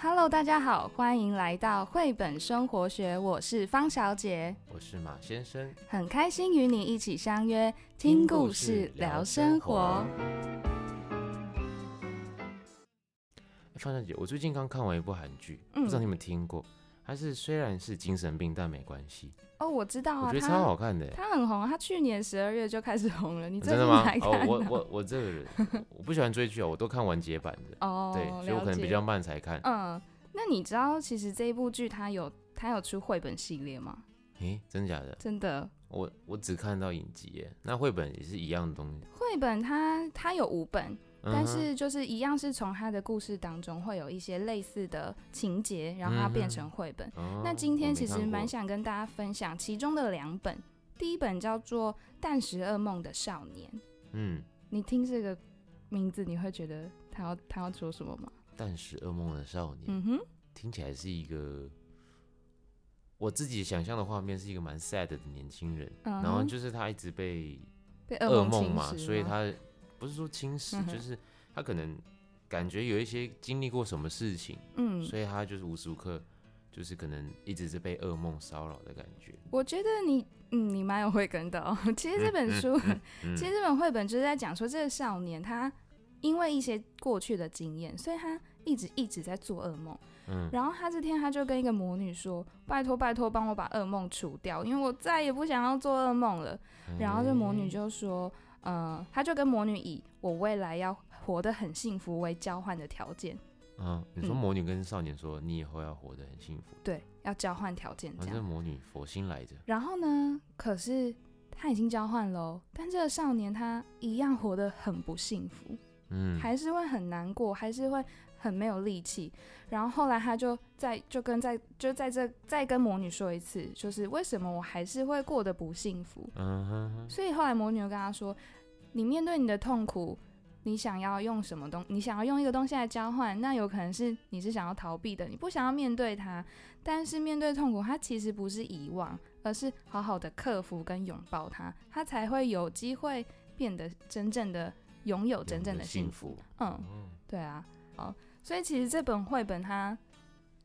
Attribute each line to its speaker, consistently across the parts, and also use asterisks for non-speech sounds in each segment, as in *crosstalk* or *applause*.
Speaker 1: Hello，大家好，歡迎來到繪本生活學，我是方小姐，
Speaker 2: 我是馬先生，
Speaker 1: 很開心與你一起相約聽故事聊生活。
Speaker 2: 方小姐，我最近剛看完一部韓劇，嗯、不知道你們聽過。他是雖然是精神病，但沒關係。哦，我知道啊，我覺得超好看的。他
Speaker 1: 很紅啊，他去年十二月就開始紅了。你真的啊，真的嗎？哦，我我
Speaker 2: 我這個人， *laughs* 我不喜歡追劇哦，我都看完結版的。哦，對，所以我可能比較慢才看。
Speaker 1: 嗯，那你知道其實這一部劇他有他有出繪本系列嗎？
Speaker 2: 誒，欸，真的假的？真的。我我只看到影集，那繪本也是一樣的東西。
Speaker 1: 繪本它它有五本。但是就是一樣，是從他的故事當中會有一些類似的情節、嗯，然後他變成繪本、嗯嗯。那今天其實蠻想跟大家分享其中的兩本，第一本叫做《啖食噩夢的少年》。嗯，你聽這個名字，你會覺得他要他要說什麼嗎？
Speaker 2: 啖食噩夢的少年，嗯哼，聽起來是一個我自己想象的畫面，是一個蠻 sad 的年輕人、嗯，然後就是他一直被噩被噩夢嘛，所以他。不是說侵蝕、嗯，就是他可能感覺有一些經歷過什麼事情，嗯，所以他就是無時無刻就是可能一直是被噩夢騷擾的感覺。
Speaker 1: 我覺得你，嗯，你蠻有慧根的。喔，其實這本書，嗯嗯嗯、其實這本繪本就是在講說這個少年他因為一些過去的經驗，所以他一直一直在做噩夢。
Speaker 2: 嗯，然
Speaker 1: 後他這天他就跟一個魔女說：“拜託拜託，幫我把噩夢除掉，因為我再也不想要做噩夢了。嗯”然後這魔女就說。呃，他就跟魔女，以我未來要活得很幸福為交換的條件。
Speaker 2: 嗯、啊，你說魔女跟少年說、嗯、你以後要活得很幸福，
Speaker 1: 對，要交換條件這樣。反、啊、正、這
Speaker 2: 個、魔女佛心來着。
Speaker 1: 然後呢，可是他已經交換嘍，但這個少年他一樣活得很不幸福，嗯，還是會很難過，還是會。很沒有力氣，然後後來他就再就跟在就在這，就在這再跟魔女說一次，就是為什麼我還是會過得不幸福
Speaker 2: ？Uh-huh. 所以
Speaker 1: 後來魔女就跟他說：“你面對你的痛苦，你想要用什麼東？你想要用一個東西來交換？那有可能是你是想要逃避的，你不想要面對它。但是面對痛苦，它其實不是遺忘，而是好好的克服跟擁抱它，它才會有機會變得真正的擁有真正的幸福，幸福。嗯，對啊，好。”所以其實這本繪本它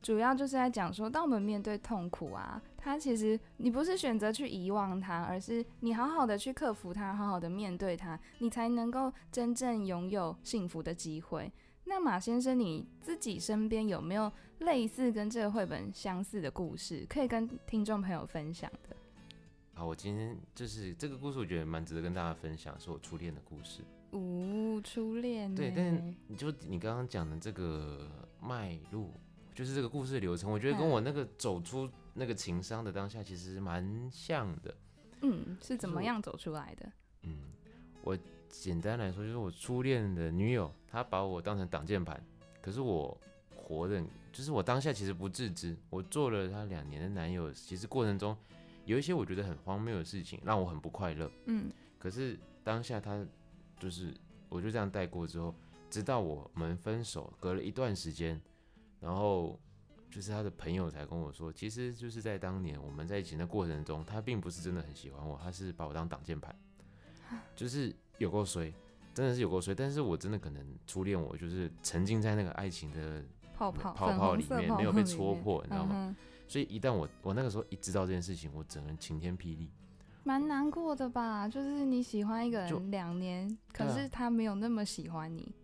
Speaker 1: 主要就是在講說，當我們面對痛苦啊，它其實你不是選擇去遺忘它，而是你好好的去克服它，好好的面對它，你才能夠真正擁有幸福的機會。那馬先生你自己身邊有沒有類似跟這個繪本相似的故事，可以跟聽眾朋友分享的？
Speaker 2: 好，我今天就是這個故事，我覺得蠻值得跟大家分享，是我初戀的故事。
Speaker 1: 哦、初戀、欸、對，但
Speaker 2: 是你就你剛剛講的這個脈絡，就是這個故事流程，我覺得跟我那個走出那個情傷的當下，其實蠻像的。
Speaker 1: 嗯，是怎麼樣走出來的？嗯，
Speaker 2: 我簡單來說，就是我初戀的女友，她把我當成擋箭牌，可是我活得很，就是我當下其實不自知，我做了她兩年的男友，其實過程中有一些我覺得很荒謬的事情，讓我很不快樂。嗯，可是當下她。就是，我就這樣帶過之後，直到我們分手，隔了一段時間，然後就是他的朋友才跟我說，其實就是在當年我們在一起那過程中，他並不是真的很喜歡我，他是把我當擋箭牌，就是有夠衰，真的是有夠衰。但是我真的可能初戀，我就是沉浸在那個愛情的泡泡裡面，沒有被戳破，你知道嗎？所以一旦我我那個時候一知道這件事情，我整個晴天霹靂。
Speaker 1: 蠻難過的吧，就是你喜歡一個人兩年，可是他沒有那麼喜歡你，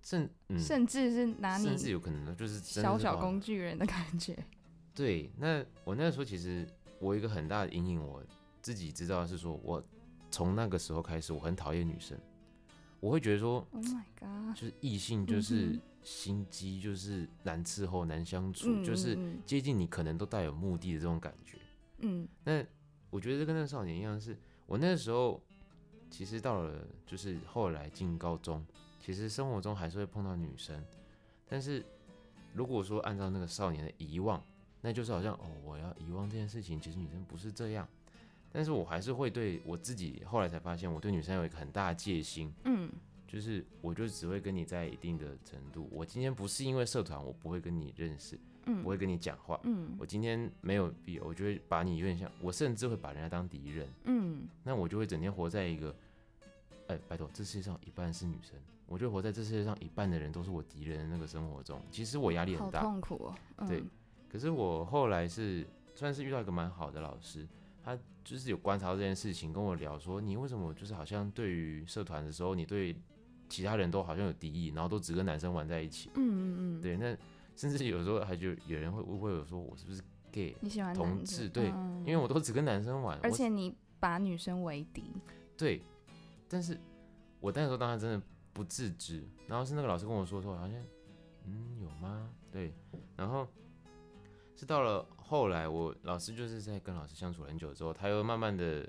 Speaker 2: 甚、啊嗯、甚至是拿你小小人、嗯，甚至有可能就是小小工
Speaker 1: 具人的感覺。
Speaker 2: 對，那我那時候其實我有一個很大的陰影，我自己知道是說，我從那個時候開始，我很討厭女生，我會覺得說
Speaker 1: ，Oh my God，就是異性就是
Speaker 2: 心機，就是難伺候、難相處、嗯，就是接近你可能都帶有目的的這種感覺。嗯，那。我覺得跟那個少年一樣是，是我那個時候，其實到了就是後來進高中，其實生活中還是會碰到女生，但是如果說按照那個少年的遺忘，那就是好像哦，我要遺忘這件事情，其實女生不是這樣，但是我還是會對我自己後來才發現，我對女生有一個很大的戒心，嗯，就是我就只會跟你在一定的程度，我今天不是因為社團，我不會跟你認識。嗯，我會跟你講話。嗯，我今天沒有必要，我就會把你有點像，我甚至會把人家當敵人。嗯，那我就會整天活在一個，哎，欸，拜託，這世界上一半是女生，我就活在這世界上一半的人都是我敵人的那個生活中。其實我壓力很大，痛
Speaker 1: 苦哦，嗯。對，
Speaker 2: 可是我後來是算是遇到一個蠻好的老師，他就是有觀察到這件事情，跟我聊說，你為什麼就是好像對於社團的時候，你對其他人都好像有敵意，然後都只跟男生玩在一起。嗯嗯嗯。對，那。甚至有時候還就有人會誤會我說我是不是 gay 你喜歡同志，對、嗯，因為我都只跟男生玩，而且
Speaker 1: 你把女生為敵，
Speaker 2: 對，但是我那時候當時真的不自知，然後是那個老師跟我說說好像，嗯，有嗎？對，然後是到了後來我，我老師就是在跟老師相處很久之後，他又慢慢的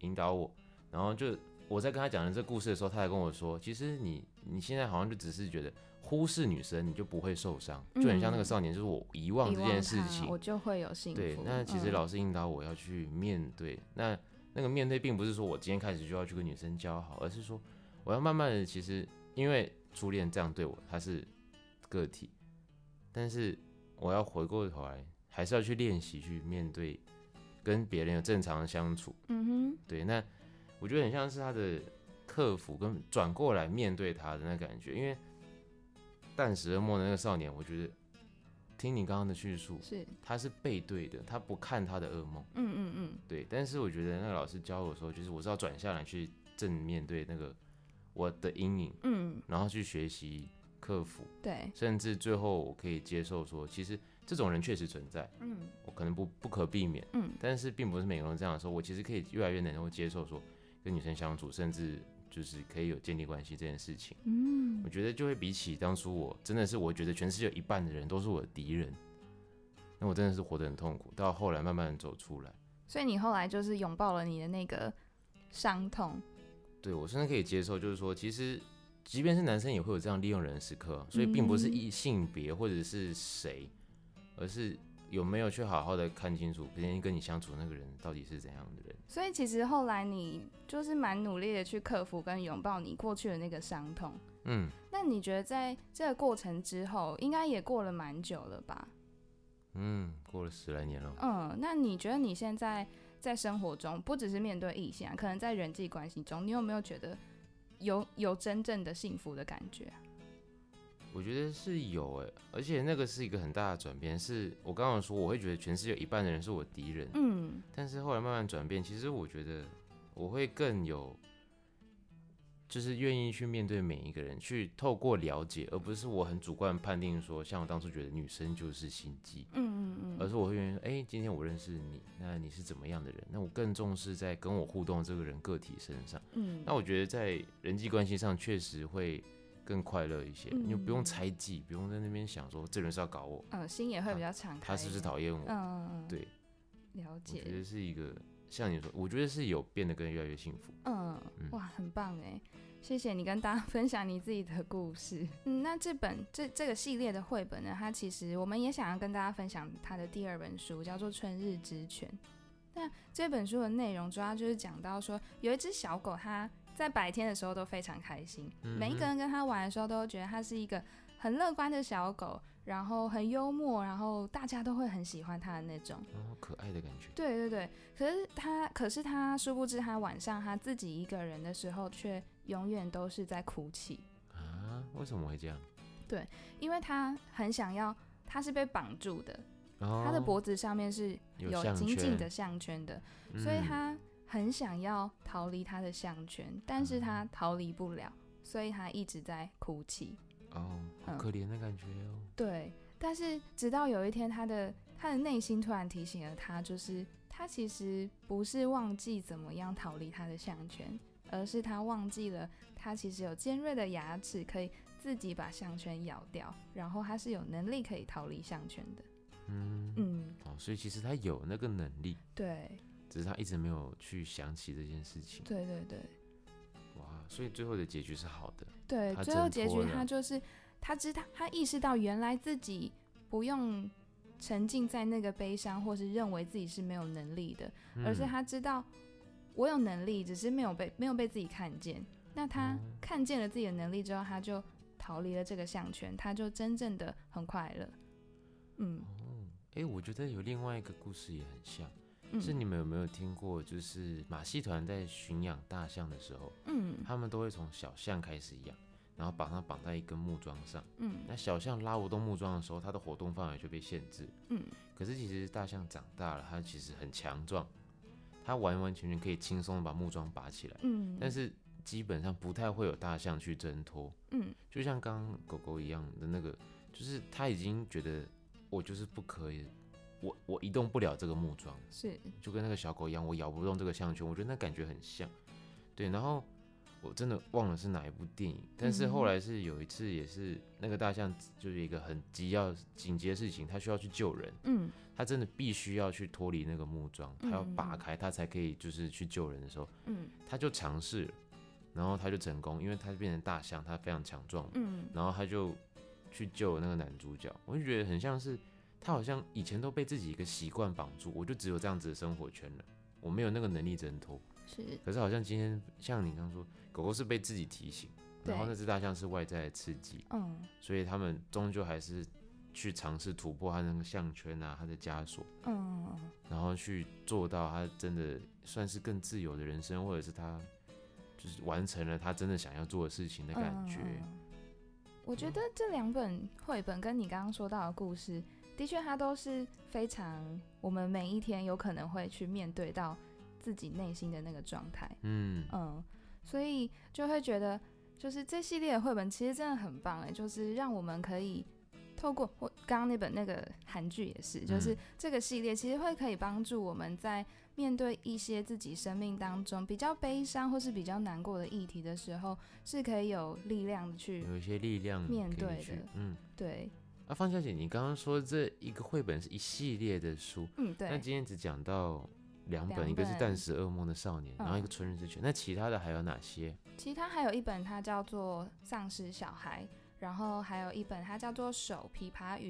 Speaker 2: 引導我，然後就我在跟他講了這故事的時候，他還跟我說，其實你。你現在好像就只是覺得忽視女生，你就不會受傷，嗯，就很像那個少年，就是我遺忘這件事情，我
Speaker 1: 就會有幸福。對，那其實老
Speaker 2: 師引導我要去面對，嗯，那那個面對並不是說我今天開始就要去跟女生交好，而是說我要慢慢的，其實因為初戀這樣對我，他是個體，但是我要回過頭來，還是要去練習去面對跟別人有正常的相處。嗯哼，對，那我覺得很像是他的。克服跟轉過來面對他的那感覺，因為啖食噩夢的那個少年，我覺得聽你剛剛的敘述，是他是背對的，他不看他的噩夢。嗯嗯嗯。對，但是我覺得那個老師教我說，就是我是要轉下來去正面對那個我的陰影，嗯，然後去學習克服，對，甚至最後我可以接受說，其實這種人確實存在，嗯，我可能不不可避免，嗯，但是並不是每個人這樣說。我其實可以越來越能夠接受說，跟女生相處，甚至。就是可以有建立關係這件事情，嗯，我覺得就會比起當初我真的是，我覺得全世界有一半的人都是我的敵人，那我真的是活得很痛苦，到後來慢慢走出來。
Speaker 1: 所以你後來就是擁抱了你的那個傷痛。
Speaker 2: 對，我現在可以接受，就是說，其實即便是男生也會有這樣利用人的時刻，所以並不是性別或者是誰，而是。有沒有去好好的看清楚別人跟你相處，那個人到底是怎樣的人？
Speaker 1: 所以其實後來你就是蠻努力的去克服跟擁抱你過去的那個傷痛。
Speaker 2: 嗯。
Speaker 1: 那你覺得在這個過程之後，應該也過了蠻久了吧？
Speaker 2: 嗯，過了十來年了。嗯，
Speaker 1: 那你覺得你現在在生活中，不只是面對異性啊，可能在人際關係中，你有沒有覺得有有真正的幸福的感覺？
Speaker 2: 我覺得是有誒、欸，而且那個是一個很大的轉變，是我剛剛說我會覺得全世界有一半的人是我敵人，嗯，但是後來慢慢轉變，其實我覺得我會更有，就是願意去面對每一個人，去透過了解，而不是我很主觀判定說，像我當初覺得女生就是心機，嗯，嗯，嗯，而是我會願意說，哎、欸，今天我認識你，那你是怎麼樣的人？那我更重視在跟我互動這個人個體身上，嗯，那我覺得在人際關係上確實會。更快樂一些，你、嗯、就不用猜忌，不用在那邊想說這人是要搞我。嗯、呃，
Speaker 1: 心也會比較敞開他。他是不是討厭我？嗯、呃，對，了解。我覺得
Speaker 2: 是一個，像你說，我覺得是有變得更越來越幸福。
Speaker 1: 嗯、呃，哇，很棒哎、嗯！謝謝你跟大家分享你自己的故事。嗯，那這本這這個系列的繪本呢，它其實我們也想要跟大家分享它的第二本書，叫做《春日之犬》。那這本書的內容主要就是講到說，有一隻小狗它。在白天的時候都非常開心，每一個人跟他玩的時候都覺得他是一個很樂觀的小狗，然後很幽默，然後大家都會很喜歡他的那種，哦、
Speaker 2: 可愛的感覺。
Speaker 1: 對對對，可是他，可是他殊不知，他晚上他自己一個人的時候，卻永遠都是在哭泣
Speaker 2: 啊！為什麼會這樣？
Speaker 1: 對，因為他很想要，他是被綁住的、哦，他的脖子上面是有緊緊的項圈，圈的，所以他。很想要逃離他的項圈，但是他逃離不了，嗯，所以他一直在哭泣。
Speaker 2: 哦，好可憐的感覺哦。嗯，
Speaker 1: 對，但是直到有一天他，他的他的內心突然提醒了他，就是他其實不是忘記怎麼樣逃離他的項圈，而是他忘記了他其實有尖銳的牙齒，可以自己把項圈咬掉，然後他是有能力可以逃離項圈的。
Speaker 2: 嗯嗯，哦，所以其實他有那個能力。對。只是他一直沒有去想起這件事情。對對對，哇！所以最後的結局是好的。對，最後結局他就
Speaker 1: 是，他知道他意識到原來自己不用沉浸在那個悲傷，或是認為自己是沒有能力的，嗯，而是他知道我有能力，只是沒有被沒有被自己看見。那他看見了自己的能力之後，嗯，他就逃離了這個項圈，他就真正的很快樂。
Speaker 2: 嗯，哎、欸，我覺得有另外一個故事也很像。嗯、是你們有沒有聽過？就是馬戲團在馴養大象的時候，嗯，他們都會從小象開始養，然後把它綁在一根木樁上，嗯，那小象拉不動木樁的時候，它的活動範圍就被限制，嗯，可是其實大象長大了，它其實很強壯，它完完全全可以輕鬆地把木樁拔起來，嗯，但是基本上不太會有大象去掙脫，嗯，就像剛剛狗狗一樣的那個，就是它已經覺得我就是不可以。我我移動不了這個木樁，是就跟那個小狗一樣，我咬不動這個項圈，我覺得那感覺很像。對，然後我真的忘了是哪一部電影，但是後來是有一次也是、嗯、那個大象，就是一個很急要緊急的事情，它需要去救人，嗯、他它真的必須要去脫離那個木樁，它要拔開它才可以就是去救人的時候，嗯、他它就嘗試，然後它就成功，因為它變成大象，它非常強壯、嗯，然後它就去救了那個男主角，我就覺得很像是。他好像以前都被自己一個習慣綁住，我就只有這樣子的生活圈了，我沒有那個能力掙脫。是，可是好像今天像你剛說，狗狗是被自己提醒，然後那隻大象是外在的刺激，嗯，所以他們終究還是去嘗試突破他那個項圈啊，他的枷鎖，嗯，然後去做到他真的算是更自由的人生，或者是他就是完成了他真的想要做的事情的感覺。嗯嗯，嗯，
Speaker 1: 我覺得這兩本繪本跟你剛剛說到的故事。的確，它都是非常我們每一天有可能會去面對到自己內心的那個狀態，嗯，嗯，所以就會覺得就是這系列的繪本其實真的很棒哎，就是讓我們可以透過我剛剛那本那個韓劇也是，就是這個系列其實會可以幫助我們在面對一些自己生命當中比較悲傷或是比較難過的議題的時候，是可以有力量的去有一些力量面對的，嗯，對。
Speaker 2: 啊，方小姐，你剛剛說這一個繪本是一系列的書，嗯，對。那今天只講到兩本，本，一個是《啖食噩夢的少年》，嗯，然後一個《春日之犬》。那其他的還有哪些？
Speaker 1: 其他還有一本，它叫做《喪屍小孩》，然後還有一本，它叫做《手琵琶魚》。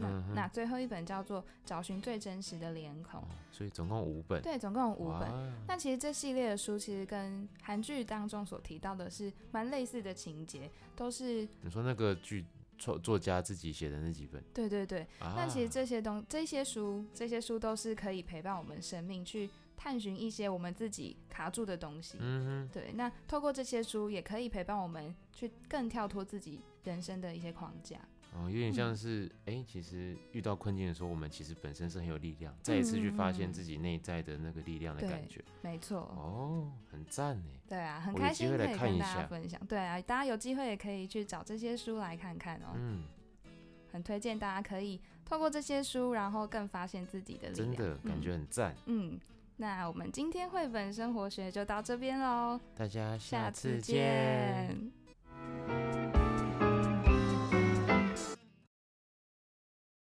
Speaker 2: 嗯，那最
Speaker 1: 後一本叫做《找尋最真實的臉孔》哦。
Speaker 2: 所以總共五本。對，總共五本。那
Speaker 1: 其實這系列的書其實跟韓劇當中所提到的是蠻類似的情節，都是
Speaker 2: 你說那個劇。作作家自己寫的那幾本，對
Speaker 1: 對對。啊、那其實這些東這些書，這些書都是可以陪伴我們生命，去探尋一些我們自己卡住的東西。嗯哼、對。那透過這些書，也可以陪伴我們去更跳脫自己人生的一些框架。
Speaker 2: 哦，有點像是，哎、嗯欸，其實遇到困境的時候，我們其實本身是很有力量，再一次去發現自己內在的那個力量的感覺，嗯、沒錯。哦，很贊呢。
Speaker 1: 對啊，很開心可以跟大家分享。對啊，大家有機會也可以去找這些書來看看哦、喔。嗯，很推薦大家可以透過這些書，然後更發現自己的力量，真的、嗯、感覺很贊。嗯，那我們今天繪本生活學就到這邊嘍，
Speaker 2: 大家下次見。